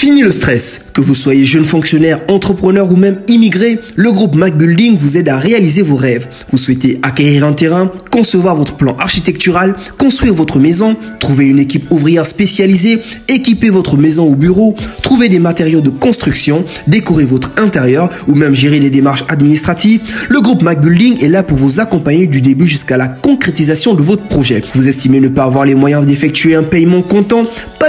Fini le stress. Que vous soyez jeune fonctionnaire, entrepreneur ou même immigré, le groupe Mac Building vous aide à réaliser vos rêves. Vous souhaitez acquérir un terrain, concevoir votre plan architectural, construire votre maison, trouver une équipe ouvrière spécialisée, équiper votre maison ou bureau, trouver des matériaux de construction, décorer votre intérieur ou même gérer les démarches administratives. Le groupe Mac est là pour vous accompagner la concrétisation de votre projet. Vous estimez ne pas avoir les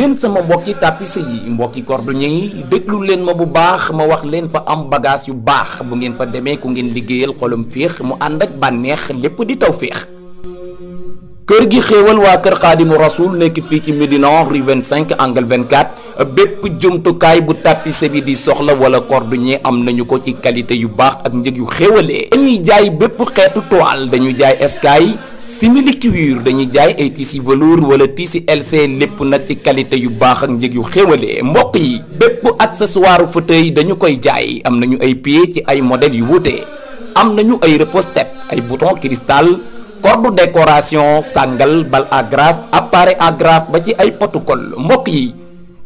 yéen sama mbokki tapissé yi mbokki cordonnier yi déglu leen ma bu baax ma wax leen fa am bagage yu baax bu ngeen fa demee ku ngeen liggéeyal xolum féex mu ànd ak bànneex lépp di taw feex kër gi xéewal waa kër xaadimu rasul nekk fii ci Médina rue 25 angle 24 bépp jumtukaay bu tapissier bi di soxla wala cordonnier am nañu ko ci qualité yu baax ak njëg yu xéewalee dañuy jaay bépp xeetu toile dañu jaay eskay simili cuir dañuy jaay ay tissu velours wala tissu LC lépp nag ci qualité yu baax ak njëg yu xéwale mbokk yi bépp accessoire fauteuil dañu koy jaay am nañu ay pieds ci ay modèles yu wuute am nañu ay repose ay bouton cristal corde décoration sàngal bal agrafe appareil agrafe ba ci ay protocole mbokk yi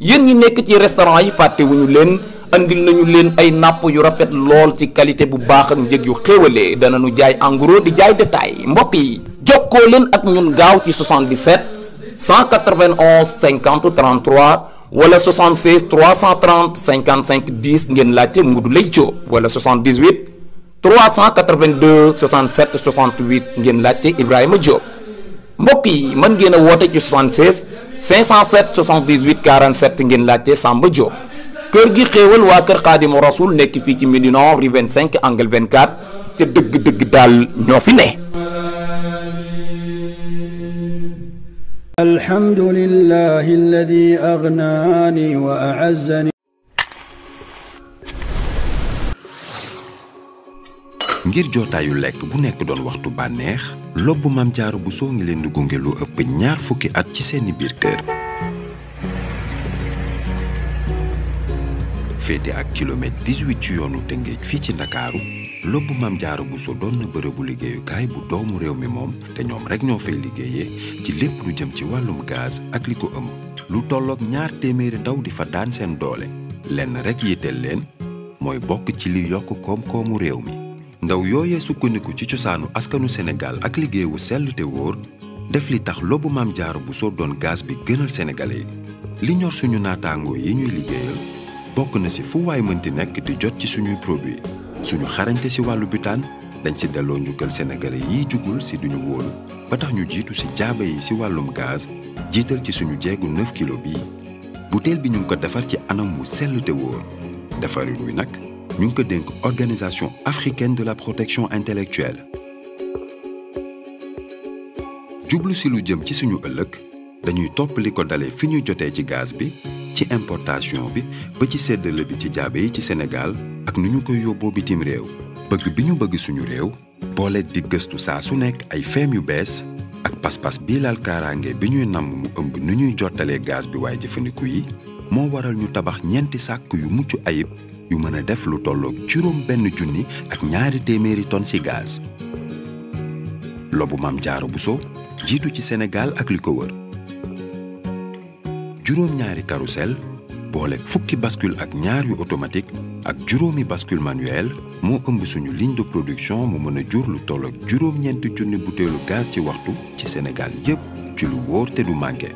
yéen ñi nekk ci restaurant yi fàttewuñu leen andil nañu leen ay napp yu rafet lool ci qualité bu baax ak njëg yu xéwalee danañu jaay en di jaay détail mbokk yi jokkoo leen ak ñun gaaw ci 77 191 50 33 wala 76 330 55 10 ngeen laajte Modou Leye Diop wala 78 382 67 68 ngeen laajte Ibrahima Diop mbokk yi mën ngeen a woote ci 76 507 78 47 Samba Diop kër gi xéewal waa kër Xaadimu Rasul nekk fii ci Médina rue 25 angle 24 ca dëgg-dëgg daal ñoo fi ne. الحمد لله الذي أغناني وأعزني ngir jotaayu lekk bu nekk doon waxtu bànneex lobbu Maam bu Buso ngi leen di gunge lu ëpp ñaar fukki at ci seeni biir kër féete ak kilomètre 18 ci yoonu Tëngéej fii ci Ndakaaru lobbu maam bu buso doon na bërëbu liggéeyukaay bu doomu réew mi moom te ñoom rek ñoo fay liggéeyee ci lépp lu jëm ci wàllum gaz ak li ko ëmb lu tollook ñaar téeméeri ndaw di fa daan seen doole lenn rek yitteel leen mooy bokk ci li yokk koom-koomu réew mi ndaw yooyee sukkandiku ci cosaanu askanu Sénégal ak liggéeyu sell te wóor def li tax lobbu maam bu buso doon gaz bi gënal sénégalais li ñor suñu naataangoo yi ñuy liggéeyal bokk na si fu waay mënti nekk di jot ci suñuy produit suñu xarañte si wàllu butaan dañ si delloo njukkal sénégalais yiy jugul si duñu wóolu ba tax ñu jiitu si jaaba yi si wàllum gaz jiital ci suñu jeegu 9 kilo bii butéel bi ñu ngi ko defar ci anam wu sell te wóor defarin wi nag ñu ngi ko dénk organisation africaine de la protection intellectuelle jublu si lu jëm ci suñu ëllëg dañuy topp li ko dale fi ñuy jotee ci gaz bi ci importation bi ba ci seddale bi ci jaabe yi ci Sénégal ak nu ñu ko yóbboo bitim réew bëgg bi ñu bëgg suñu réew boole di gëstu saa su nekk ay feem yu bees ak pas bii lal kaaraange bi ñuy namm mu ëmb nu ñuy jottalee gaz bi waaye jëfandiku yi moo waral ñu tabax ñeenti sàkk yu mucc ayib yu mën a def lu tolloog juróom benn junni ak ñaari téeméeri tonnes ci gaz lobu jaaro bu Buso jiitu ci Sénégal ak li ko juróom-ñaari carrousel boole fukki baskul ak ñaar yu automatique ak juróomi baskul manuel moo ëmb suñu ligne de production mu mën a jur lu toll ak juróom-ñeenti junni butéelu gaz ci waxtu ci senegal yépp ci lu wóor te du manqué.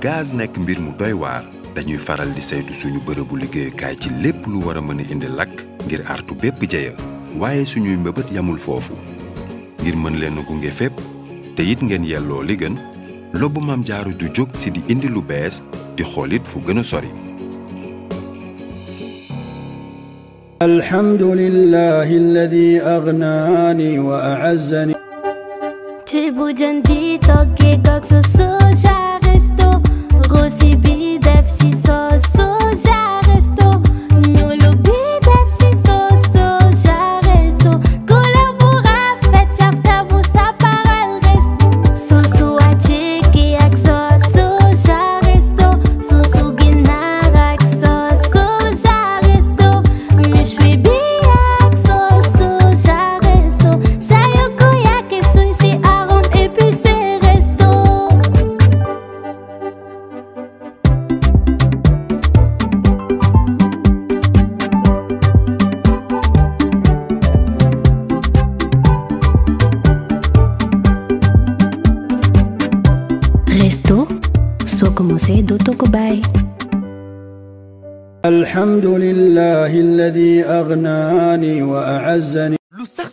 gaz nekk mbir mu doy waar dañuy faral di saytu suñu bërëbu liggéeyukaay ci lépp lu war a mën a indi lakk ngir artu bépp jeya waaye suñuy mbëbët yamul foofu ngir mën leen a gunge fépp. te it ngeen yelloo li gën lobbu maam jaaru du jóg si di indi lu bees di xoolit fu gën a sori alhamdulillahi alladi agnaani wa a'azzani do Tokobay. الحمد لله الذي أغناني وأعزني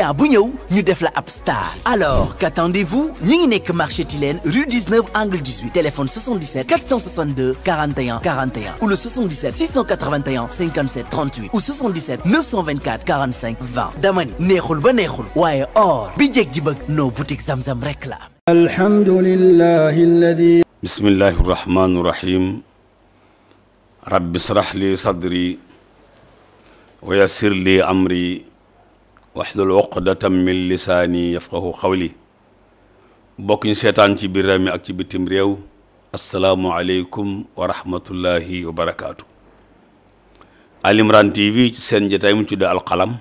client bu ñëw ñu def la ab star alors qu'attendez-vous ñi ngi nekk marché Tilène rue 19 angle 18 téléphone 77 462 41 41 ou le 77 681 57 38 ou 77 924 45 20 damani neexul ba neexul waaye or bi jeg ji bëgg noo boutique Zamzam rek la alhamdulillahi alladi bismillahi rahmani rahim rabbi srah li sadri wa yassir li amri waxlul uqdatam min lisaani yafqahu xawli bokk ñu seetaan ci biir réew mi ak ci bitim réew asalaamualeykum wa rahmatullahi wa barakaatu. TV seen jotaay mu tudd alxalam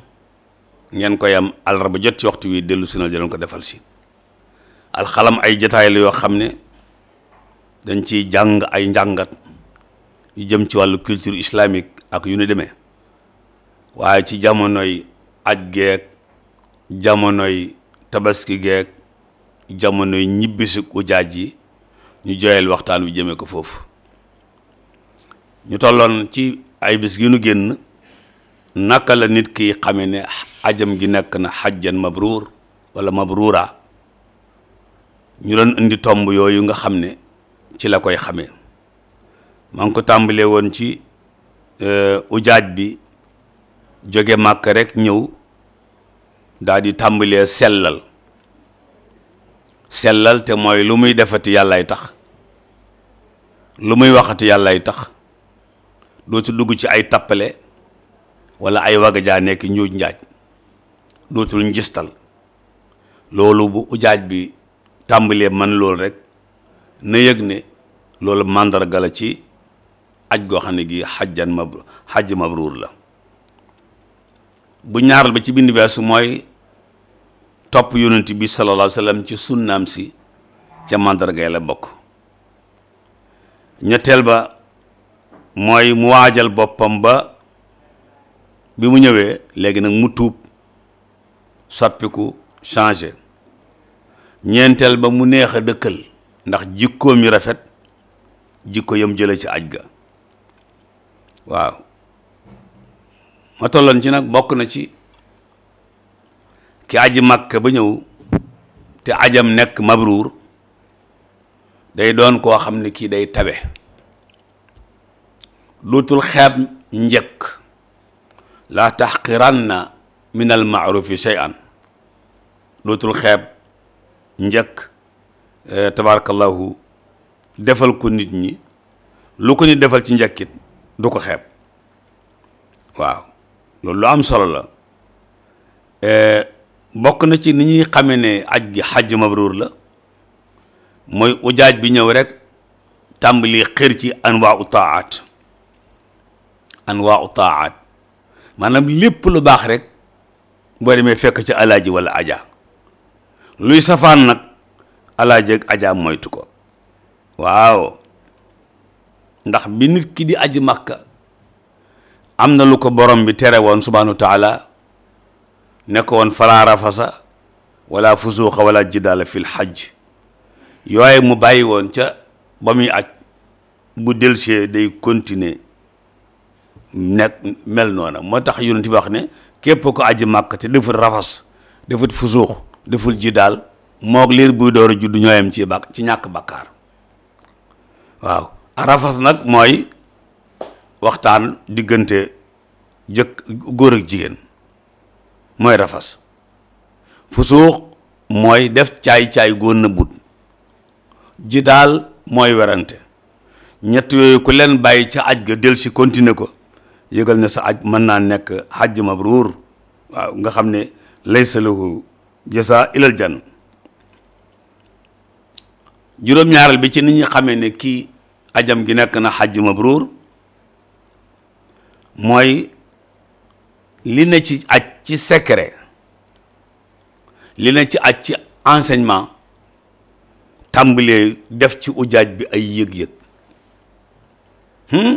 ngeen koy am àllarba jot ci waxtu wi dellu si na jëloon ko defal si alxalam ay jotaay la yoo xam ne dañ ciy jàng ay njàngat yu jëm ci wàllu culture islamique ak yu ni demee waaye ci jamonoy. aj geeg jamonoy tabaski geeg jamonoy ñibbisi ujaaj yi ñu joyal waxtaan wi jëmee ko foofu ñu tolloon ci ay bis gi nu génn naka la nit ki xame ne ajam gi nekk na xajjan mabruur wala mabruura ñu doon indi tomb yooyu nga xam ne ci la koy xamee maa ngi ko tàmbalee woon ci euh, ujaaj bi jóge màkk rek ñëw daa di tàmbalee sellal sellal te mooy lu muy defati yàllaay tax lu muy waxati yàllaay tax dootu dugg ci ay tappale wala ay waga jaa nekk njuuj njaaj dootul njistal loolu bu ujaaj bi tàmbalee man lool rek na yëg ne loolu màndarga la ci aj goo xam ne gi xajjan mabru xajj mabruur la bu ñaaral ba ci bind beesu mooy topp yonent bi sallallahu alayhi wa sallam ci sunnaam si ca màndargay la bokk ñetteel ba mooy mu waajal boppam ba bi mu ñëwee léegi nag mu tuub soppiku changé ñeenteel ba mu neex a dëkkal ndax jikkoom yu rafet jikko yam jële ci aj ga waaw ma tolloon ci nag bokk na ci ki aji makka ba ñëw te ajam nekk mabruur day doon koo xam ne kii day tabe duutul xeeb njëkk laa taxqiranna min al maarufi shay'an duutul xeeb njëkk eh, tabarakallahu defal ko nit ñi lu ko ñu defal ci njëkkit du ko xeeb waaw loolu am solo la eh, bokk na ci ni ñuy xame ne aj gi xajj mabruur la mooy ujaaj bi ñëw rek tàmbali xër ci anwaa u taat anwaa u taat maanaam lépp lu baax rek boo demee fekk ci alaaji wala aja luy safaan nag alaaji ajaa moytu ko waaw ndax bi nit ki di aji màkka am na lu ko borom bi tere woon subhaanahu taala nekk woon falaa rafasa wala fusuuxa wala jidaala fil xaj yooye mu bàyyi woon ca ba muy aj bu delsee day continuer nekk mel noona moo tax yonent bi ne képp ko aji màkk te deful rafas deful fusuux deful jidaal moog liir buy door a judd ñooyam ci bàkk ci ñàkk bàkkaar waaw rafas nag mooy waxtaan diggante jëkk góor ak jigéen mooy rafas fusuuq mooy def caay-caay goo ji daal mooy werante ñett yooyu ku leen bàyyi ca aj ga del si continuer ko yëgal ne sa aj mën naa nekk hajj mabruur waaw nga xam ne laysa lahu jasa ilal jann juróom-ñaaral bi ci ni ñu xamee ne kii ajam gi nekk na hajj mabruur mooy li ne ci aj ci secret li na ci at ci enseignement tàmbalee def ci ujaaj bi ay yëg-yëg hmm?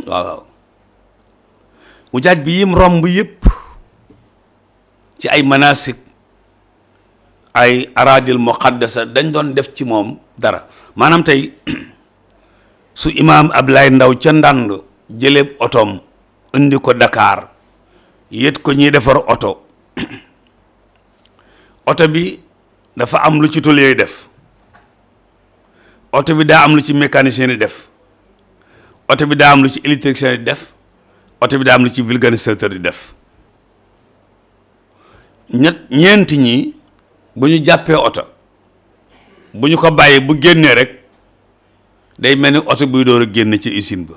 ujaaj bi yim romb yëpp ci ay manasik ay aradil muqaddasa dañ doon def ci moom dara maanaam tey su imaam Ablaye Ndaw ca ndànd jëlee otoom indi ko Dakar yët ko ñuy defar oto oto bi dafa am lu ci tôlier def oto bi daa am lu ci mécanicien di def oto bi daa am lu ci électricien yi def oto bi daa am lu ci vulcanisateur di def ñett ñeenti ñi bu ñu jàppee oto bu ñu ko bàyyee bu génnee rek day mel ni oto buy door a génn ci usine ba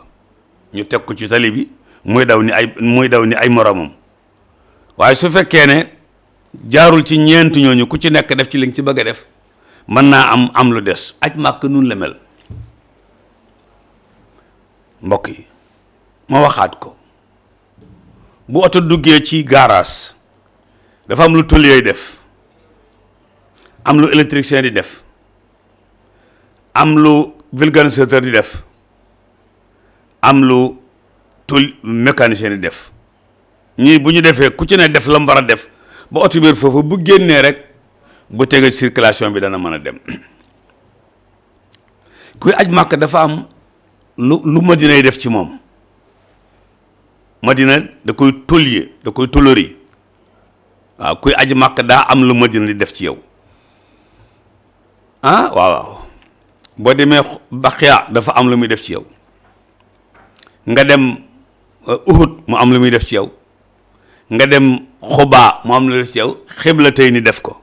ñu teg ko ci tali bi muy daw ni ay muy daw ni ay moromam waaye su fekkee ne jaarul ci ñeent ñooñu ku ci nekk def ci li nga ci bëgg a def mën naa am am lu des aj màkk nun la mbokk yi ma waxaat ko bu oto duggee ci gaaraas dafa am lu tël def am lu électricien di def am lu vulcanisateur di def am lu tël mécanicien di def ñii bu ñu defee ku ci ne def la mu a def ba oto biir foofu bu génnee rek bu tege circulation bi dana mën a dem kuy aj makk dafa am lu lu madinay def ci moom madina da koy tollier da koy tolori kuy aj màkk daa am lu madina di def ci yow ah waaw waaw boo demee baqiya dafa am lu muy def ci yow nga dem euh, uhud mu am lu muy def ci yow nga dem xubaa mu am lu def ci yow xibla tey ni def ko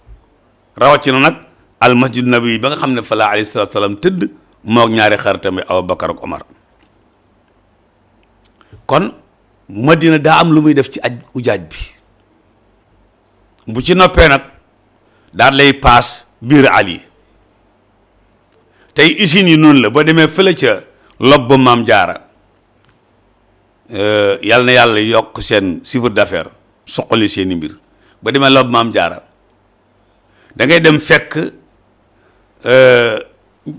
rawatina nag al masjid nabi ba nga xam ne falaa alayhi salaam tëdd moog ñaari xaritam yi Abu Bakar ak Omar kon Madina daa am lu muy def ci aj ujaaj bi bu ci noppee nag daal lay paas biir Ali tey usines yi noonu la boo demee fële ca ba maam jaara Euh, yal na yàlla yokk seen chiffre d'affaires soqali seeni mbir ba demee lob maam jaara dangay dem fekk euh,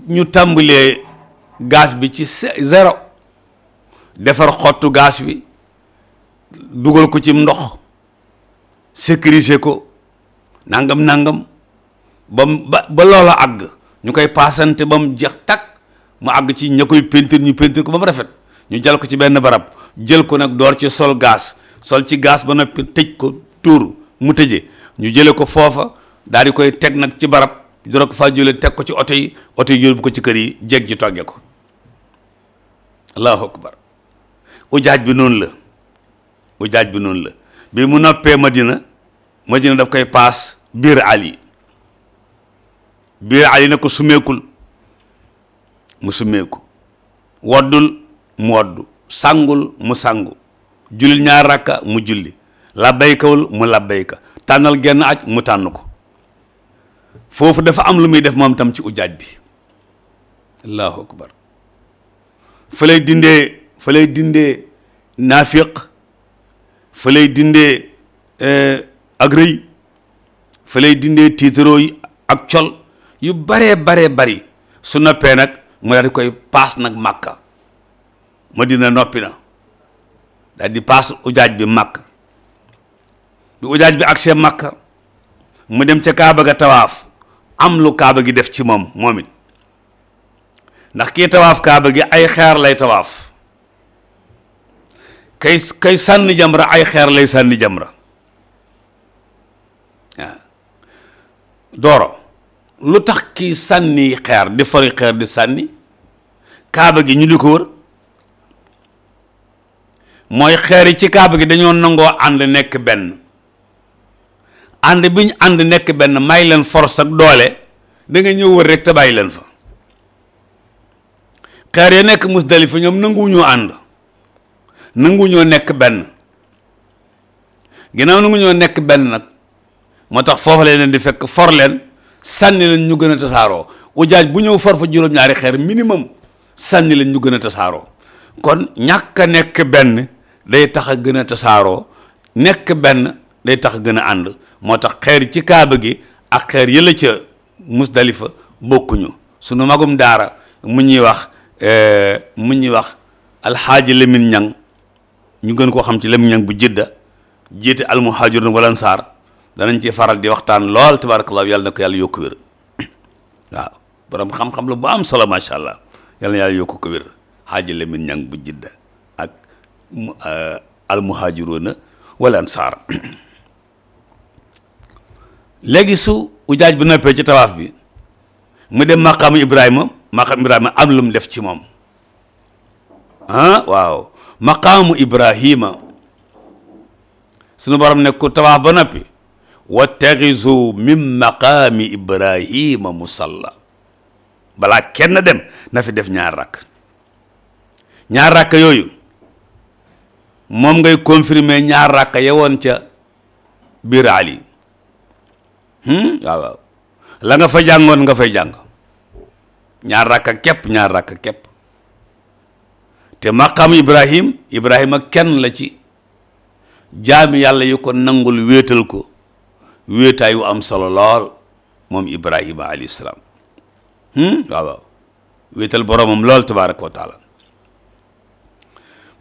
ñu tàmbalee gaz bi ci zéro defar xottu gaz bi dugal ko ci ndox sécuriser ko nangam nangam ba ba ba loola àgg ñu koy paasante ba mu jeex takk mu àgg ci ña koy pentir ñu pentir ko ba mu rafet ñu jël ko ci benn barab jël ko nag door ci sol gaz sol ci gaz ba noppi tëj ko tuur mu tëje ñu jële ko foofa daal di koy teg nag ci barab dora ko fa jële teg ko ci oto yi oto yi yóbbu ko ci kër yi jeeg ji togge ko allahu akbar ujaaj bi noonu la ujaaj bi noonu la bi mu noppee madina madina daf koy paas biir ali biir ali na ko sumeekul mu summeeku woddul mu waddu sàngul mu sangu julil ñaar rakka mu julli labbaykawul mu labbayka tànnal genn aj mu tànn ko foofu dafa am lu muy def moom tam ci ujaaj bi allahu akbar fa lay dindee fa lay dindee naafiq fa lay dindee eh, ak rëy fa lay dindee tiitaroo ak col yu baree bare bari su noppee nag mu daal koy paas nag màkka Madina noppi na daal di paas ujaaj bi makk bi ujaaj bi ak agsee makk mu dem ca kaaba ga tawaaf am lu kaaba gi def ci moom moom it ndax kii tawaaf kaaba gi ay xeer lay tawaaf kay kay sànni jamra ay xeer lay sànni jamra waaw dooro lu tax kii sànni xeer di fari xeer di sànni kaaba gi ñu di ko wër mooy xeer yi ci kaabu gi dañoo nangoo ànd nekk benn ànd bi ñu ànd nekk benn may leen force ak doole da nga ñëw wër rek te leen fa xeer ya nekk Musdalifa ñoom nanguwuñoo ànd nanguwuñoo nekk benn ginnaaw nanguwuñoo nekk benn nag moo tax foofa leen di fekk for leen sànni leen ñu gën a tasaaroo ujaaj bu ñëw for fa juróom-ñaari xeer minimum sànni leen ñu gën a tasaaroo kon ñàkk a nekk benn day tax a gën a tasaaroo nekk benn day tax a gën a ànd moo tax xeer ci kaaba gi ak xeer yëla ca musdalifa bokkuñu sunu magum daara mu ñuy wax eh, mu ñuy wax alxaaji lemin Ñang ñu gën koo xam ci Lamine Ñang bu jidda jiite almuhaajirun wal ansaar danañ ci faral di waxtaan lool tabarakallah yàlla na ko yàlla yokku wér waaw borom xam-xam la bu am solo macha allah yàlla na yàlla yokku ko wér xaaji Lamine Ñang bu jidda Euh, almuhaajiruuna wala ansaar léegi su ujaaj bu noppee ci tawaaf bi mu dem maqaamu Ibrahima maqaamu Ibrahima am lu mu def ci moom ah waaw maqaamu Ibrahima sunu borom ne ku tawaaf ba noppi wattaxizu min maqaami Ibrahima musalla balaa kenn dem na fi def ñaar rakk ñaar rakk yooyu moom ngay confirmer ñaar ràkk ya woon ca biir ali hmm? la nga fa jàngoon nga fay jàng ñaar ràkk képp ñaar ràkk képp te maqaam ibrahim ibrahima kenn la ci jaami yàlla yu ko nangul wéetal ko wéetaay yu am solo lool moom ibrahima alayhi salaam hmm? waaw waaw wéetal boromam lool tabaaraka wa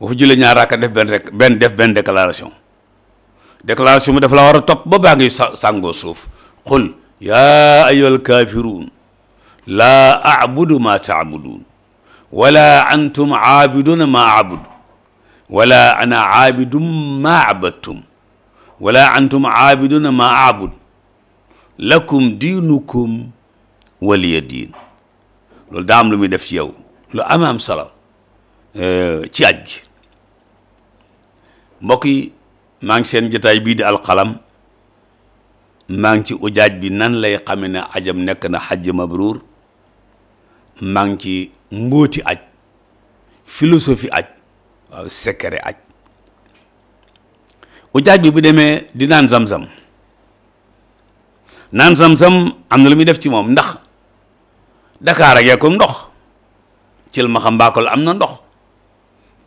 bu fa jullee ñaar raaka def benn rek benn def benn déclaration déclaration bi dafa la war a topp ba baa ngi sàngoo suuf qul yaa ayyuhal kaafiruun laa abudu ma taabuduun wala antum aabiduna ma abudu wala ana aabidum ma abadtum wala antum aabiduna ma abud lakum diinukum waliya diin loolu daa am lu muy def ci yow lu am am solo eh, ci aj gi mbokk yi maa seen jotaay bii di alxalam maa ngi ci ujaaj bi nan lay xame ne ajam nekk na xajj mabruur maa ngi ci mbóoti aj philosophie aj waaw secret aj ujaaj bi bu demee di naan zam sam naan zam-zam am na lu muy def ci moom ndax dakaara ak yaa ko ndox cil ma xam mbaakol am na ndox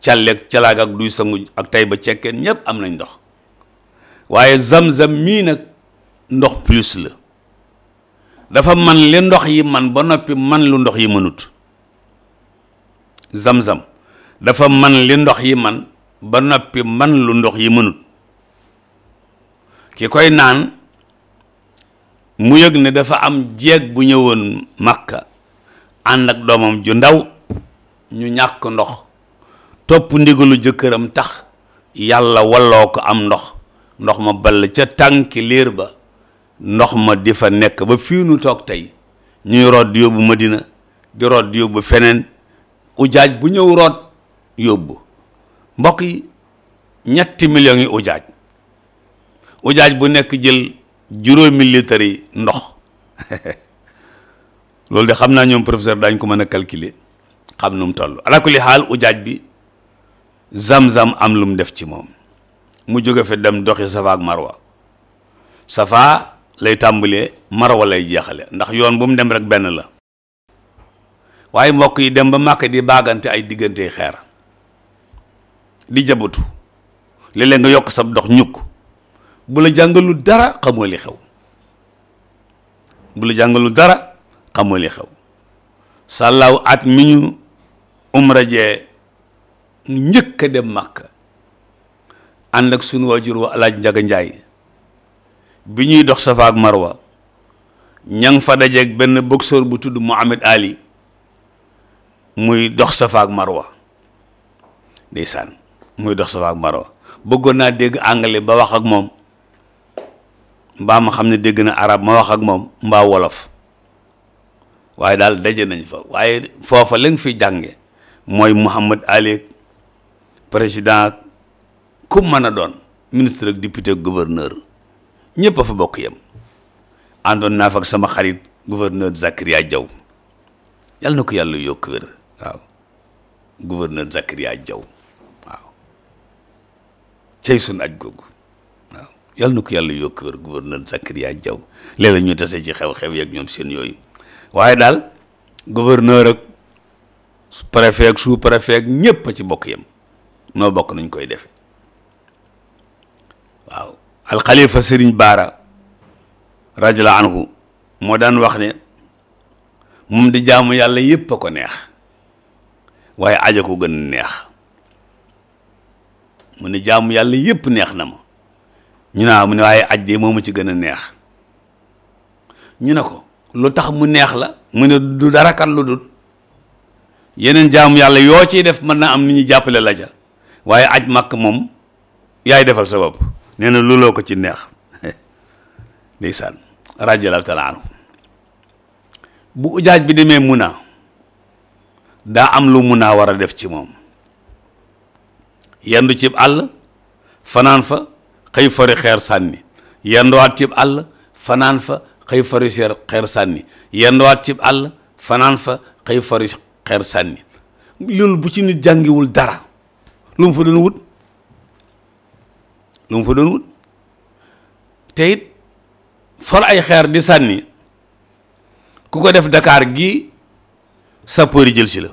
calleeg calaag ak duy sangu ak tay ba cekkeen ñépp am nañ ndox waaye zam-zam mii nag ndox plus la dafa man li ndox yi man ba noppi man lu ndox yi mënut zam dafa man li ndox yi man ba noppi man ndox yi mënut ki koy naan mu yëg ni dafa am jeeg bu ñëwoon Makka ànd ak doomam ju ndaw ñu ñàkk ndox topp lu jëkkëram tax yàlla walloo ko am ndox ndox ma ball ca tànki liir ba ndox ma di fa nekk ba fii nu toog tey ñuy root di yóbbu Madina di root di yóbbu feneen ujaaj bu ñëw root yóbbu mbokk yi ñetti millions yi ujaaj ujaaj bu nekk jël juróomi litre yi ndox loolu de xam naa ñoom professeur daañ ko mën a calculer xam nu mu toll ala xaal ujaaj bi zam-zam am lu mu def ci moom mu jóge fa dem doxi safa marwa safa lay tàmbalee marwa lay jeexale ndax yoon bu mu dem rek benn la waaye mbokk yi dem ba màkk di baagante ay diggante xeer di jabutu léeg nga yokk sab dox ñukk bu la jàngalu dara xamoo li xew bu la jàngalu dara xamoo li xew sàllaaw at mi ñu umra jee njëkk a dem màkk ànd ak sunu waajur wa alaaj njaga njaay bi ñuy dox safa ak marwa ñang fa dajeeg benn boxeur bu tudd Muhammad Ali muy dox safa ak marwa ndeysaan muy dox safa ak marwa bëggoon naa dégg anglais ba wax ak moom mbaa ma xam ne dégg na arab ma wax ak moom mbaa wolof waaye daal daje nañ fa waaye foofa lañ fi jànge mooy Muhammad Ali président ku mën a doon ministre ak député ak gouverneur ñëpp a fa bokk yem àndoon naa fa ak sama xarit gouverneur Zakaria jaw yàlla na ku yàlla yokk wér waaw gouverneur Zakaria Diaw waaw cey suñ aj googu yàlla na ko yàlla yokk wér gouverneur Zakaria Diaw ñu tase ci xew-xew yeeg ñoom seen yooyu waaye daal gouverneur ak préfet ak sous préfet ak ñëpp a ci bokk yem noo bokk nañ koy defe waaw alxalifa sëriñ baara rajala anhu moo daan wax ne moom di jaamu yàlla yépp a ko neex waaye aja ko gën neex mu ne jaamu yàlla yépp neex na ma ñu naa mu ne waaye aj de moomu ci gën a neex ñu ne ko lu tax mu neex la mu ne du dara kat lu dul yeneen jaamu yàlla yoo ciy def mën naa am ni ñu jàppale la ja waaye aj màkk moom yaay defal sa bopp nee na luloo ko ci neex ndeysaan radiyallahu taala anhu bu ujaaj bi demee Muna daa am lu Muna war a def ci moom yendu cib àll fanaan fa xëy fori xeer sànni yenduwaat cib àll fanaan fa xëy fori xeer sànni yenduwaat cib àll fanaan xëy fori xeer sànni loolu bu ci nit jàngiwul dara lu mu fa doon wut lu mu fa doon wut te it ay xeer di sànni ku ko def dakaar gi sapeur yi jël si la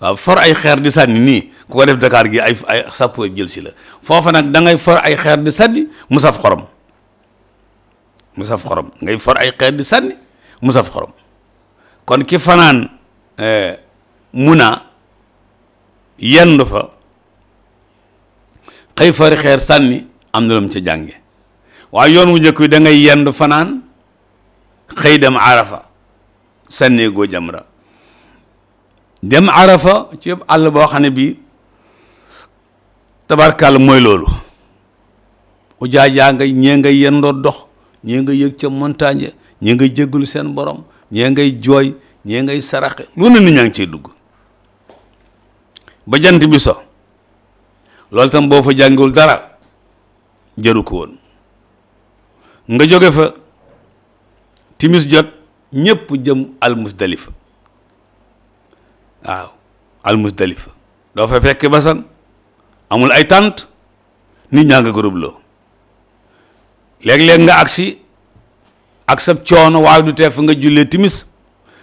waaw for ay xeer di sànni nii ku ko gi ay ay sapeur jël si la foofa nag da ngay ay xeer di sànni mu saf xorom mu saf xorom ngay for ay xeer di sànni mu saf xorom kon ki fanaan eh, muna yendu fa xëy fari xeer sànni am na lu ca jànge waaye yoon wu njëkk wi dangay ngay fanaan xëy dem arafa sànnee goo jamra dem arafa ci yëpp àll boo xam ne bii tabarkàll mooy loolu ujaajaa nga ñee ngay yendoo dox ñee nga yëg ca montagne ñee nga jéggulu seen borom ñee ngay jooy ñee ngay saraxe lu ne nit ngi ciy dugg ba jant bi so loolu tam boo fa jàngul dara jëru ko woon nga jóge fa timis jot ñëpp jëm almusdalifa waaw almusdalifa doo fa fekk basan amul ay tànt nit ñaa nga groupe loo léeg-léeg nga agsi ak sab coono waaye du tee fa nga jullee timis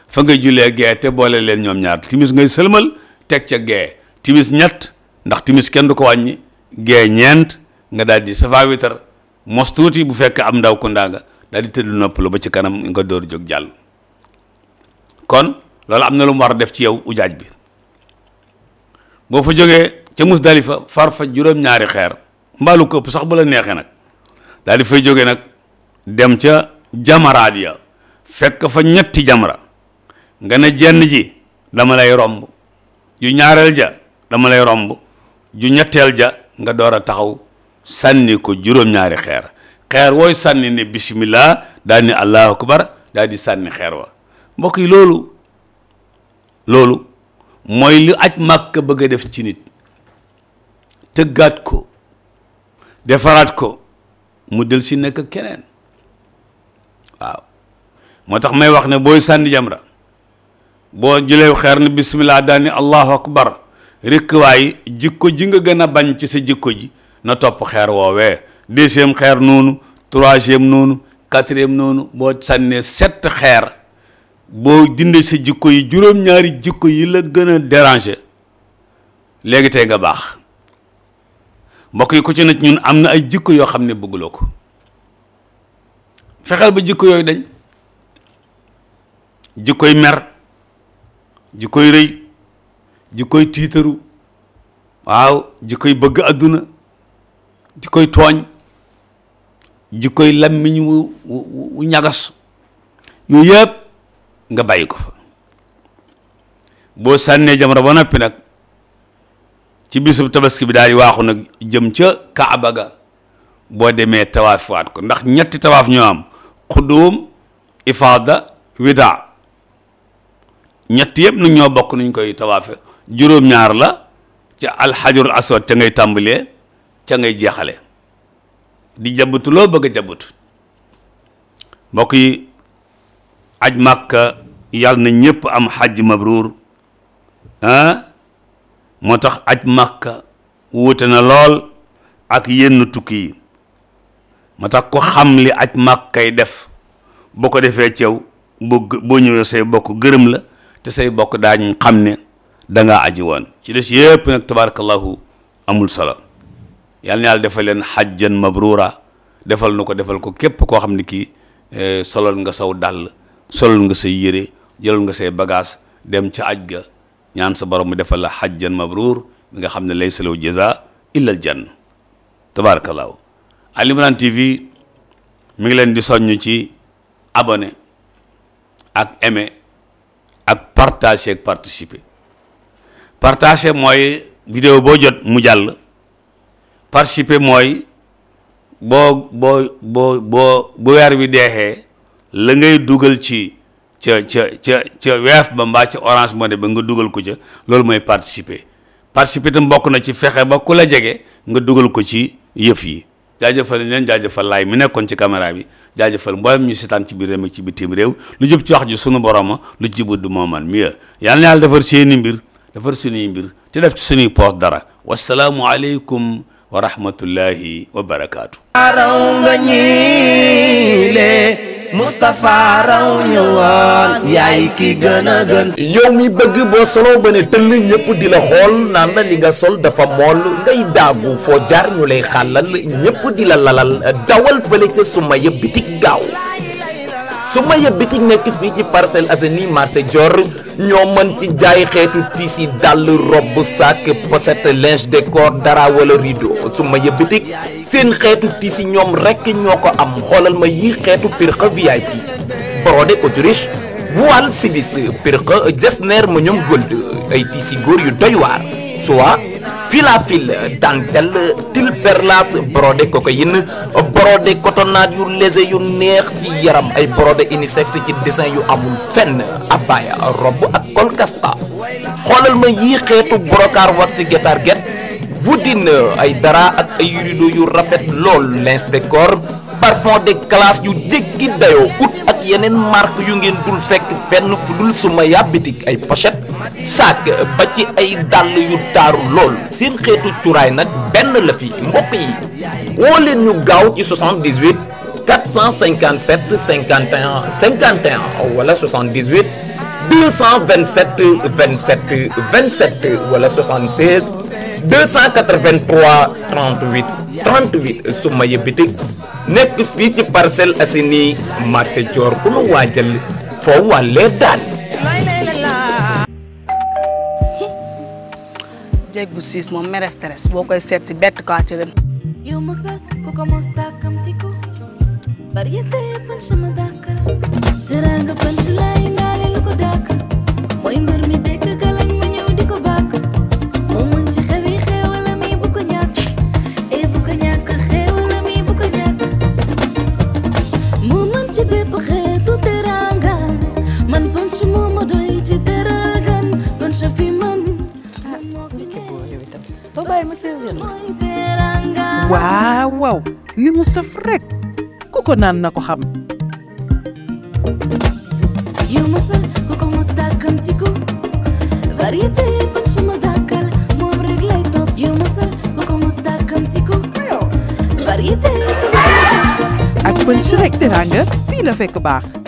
fa nga jullee gee te boole leen ñoom ñaar timis ngay sëlmal teg ca gee timis ñett ndax timis kenn du ko wàññi gee ñeent nga daal di safa witar mos tuuti bu fekk am ndaw ko ndaa nga daal di noppalu ba ci kanam nga door jóg jàll kon loolu am na lu mu war a def ci yow ujaaj bi boo fa jógee ca Musdalifa far fa juróom-ñaari xeer mbaalu këpp sax bu la neexee nag daldi fay jógee nag dem ca jamaraat ya fekk fa ñetti jamra nga ne jenn ji dama lay romb yu ñaareel ja dama lay romb ju ñetteel ja nga door a taxaw sànni ko juróom-ñaari xeer xeer wooy sànni ne bismillah daal ni allahu akbar daal di sànni xeer wa mbokk yi loolu loolu mooy li aj màkk bëgg a def ci nit tëggaat ko defaraat ko mu del si nekk keneen waaw moo tax may wax ne booy sànni jamra boo jëlee xeer ne bismillah daal ni allahu akbar rikk jikko ji nga gën a bañ ci sa jikko ji na topp xeer woowee deuxième xeer noonu troisième noonu quatrième noonu boo sànnee sept xeer boo dindee sa jikko yi juróom-ñaari jikko yi la gën a déranger léegi tey nga baax mbokk yi ku ci nag ñun am na ay jikko yoo xam ne bëgguloo ko fexeel ba jikko yooyu dañ jikkoy mer jikkoy rëy ji koy tiitaru waaw ji koy bëgg adduna ji koy tooñ ji koy lammiñ wu wu ñagas yooyu yëpp nga bàyyi ko fa boo sànnee jamra ba noppi nag ci bisub tabaski bi daal di waaxu nag jëm ca kaaba ga boo demee tawaaf waat ko ndax ñetti tawaaf ñoo am xuduum ifaada wida ñett yëpp nag ñoo bokk nuñ koy tawaafe juróom-ñaar la ca alxajarul aswad ca ngay tàmbalee ca ngay jeexale di jabutu loo bëgg a jabutu mbokk yi aj màkka yàlla na ñëpp am xaj mabruur ah moo tax aj màkka wuute na lool ak yenn tukki yi moo tax ko xam li aj màkkay def boo ko defee cew boo boo ñëwee say bokk gërëm la te say bokk daañu xam ne da ngaa aji woon ci des yëpp nag tabarakallahu amul solo yal na yàlla defal leen xajjan mabrura defal nu ko defal ko képp koo xam ne kii eh, solol nga saw dàll solol nga say yére jëlal nga say bagage dem ci aj ga ñaan sa borom mu defal la xajjan mabrur bi nga xam ne lay lahu jaza illa al jann tabarakallahu Ali Imran TV mi ngi leen di soññ ci abone ak aimé ak partager ak participer partager mooy vidéo boo jot mu jàll participer mooy boo boo boo boo bu weer wi deexee la ngay dugal ci ca ca ca ca weef ba mbaa ca orange money ba nga dugal ko ca loolu mooy participer participer tam bokk na ci fexe ba ku la jege nga dugal ko ci yëf yi jaajëfal leen jaajëfal laay mi nekkoon ci caméra bi jaajëfal mboolem ñu seetaan ci biir réew mi ci bitim réew lu jub ci wax ji sunu borom lu ci jubut du mooman mieux yal na yàlla defar seeni mbir defar suñuy mbir te def ci suñuy poos dara wasalaamu aleykum wa rahmatullahi wa barakaatu raw nga ñi le Moustapha raw yaay ki gën a gën yow mi bëgg boo solo ba ne tëll ñëpp di la xool naan nga sol dafa mool ngay daagu foo jaar ñu lay xàllal ñëpp di la lalal dawal fële ca suma yëpp bitik gaaw su ma yëb bitig nekk fii ci parcelle Assainies marché Dior ñoo mën ci jaay xeetu tissu dàll robe sac pochette linge de corps dara wala rideau su ma yëb seen xeetu tissu ñoom rekk ñoo ko am xoolal ma yii xeetu pirque VIP brodé autriche voile sivis pirque jesner ma ñoom gold ay tissu góor yu doy waar soit Fil-à-fil dentelle til perlas brodé cocaïne brodé cotonnade yu léger yu neex ci yaram ay brodé unisex ci dessin yu amul fenn abaya robb ak kolkasta xoolal ma yii xeetu brocart wax ci guétar guet voudine ay dara ak ay rideau yu rafet lool linge de corps parfum de classe yu jéggi dayoo ut ak yeneen marque yu ngeen dul fekk fenn fu suma yàbbitik ay pochette saak ba ci ay dàll yu taaru lool seen xeetu cuuraay nag benn la fi mbokk yi woo leen ñu gaaw ci 78 457 51 51 wala 78 227 27 wala 76 283 38 38 suma yëbbitik nekk fii ci Parcelles Assainies marché Dior ku nu waajal foo wàllee daal jeeg bu siis moom mere stress boo koy seet bett kaa ci gën yow mosal ku ko mos tàkkamtiku variété punch ma dàkkal teranga punch lay waaw li mu saf ku ko naan na ko xam. yu mësal ku ko mës dàkkam ci ko variété ba ci ma dàkkal moom rek lay yu mësal ku ko mës dàkkam ci ko variété. ak pënc rek teraanga fii la fekk baax.